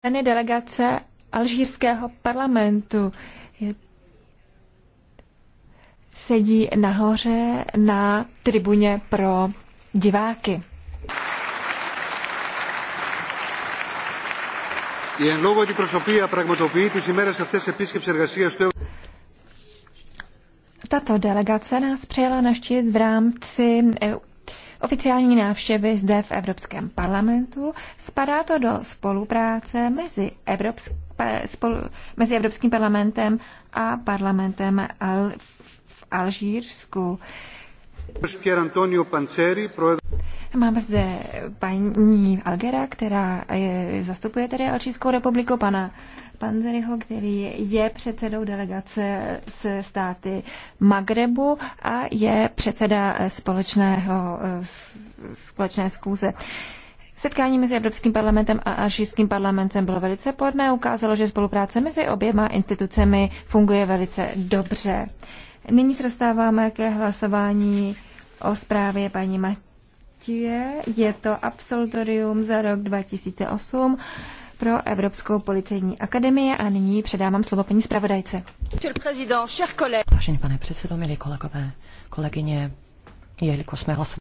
strany delegace alžírského parlamentu sedí nahoře na tribuně pro diváky. tato delegace nás přijela naštívit v rámci oficiální návštěvy zde v Evropském parlamentu. Spadá to do spolupráce mezi, Evropsk, spol, mezi Evropským parlamentem a parlamentem Al, v Alžírsku. Antonio Panceri, Mám zde paní Algera, která je, zastupuje tedy Alčískou republiku, pana Panzeriho, který je předsedou delegace z státy Magrebu a je předseda společného, eh, společné zkůze. Setkání mezi Evropským parlamentem a Alžírským parlamentem bylo velice plodné, ukázalo, že spolupráce mezi oběma institucemi funguje velice dobře. Nyní se dostáváme ke hlasování o zprávě paní Mat tě je to absolutorium za rok 2008 pro Evropskou policejní akademii a nyní předávám slovo paní zpravodajce. Vážený pane předsedo, milí kolegové, kolegyně, jelikož jsme hlasovali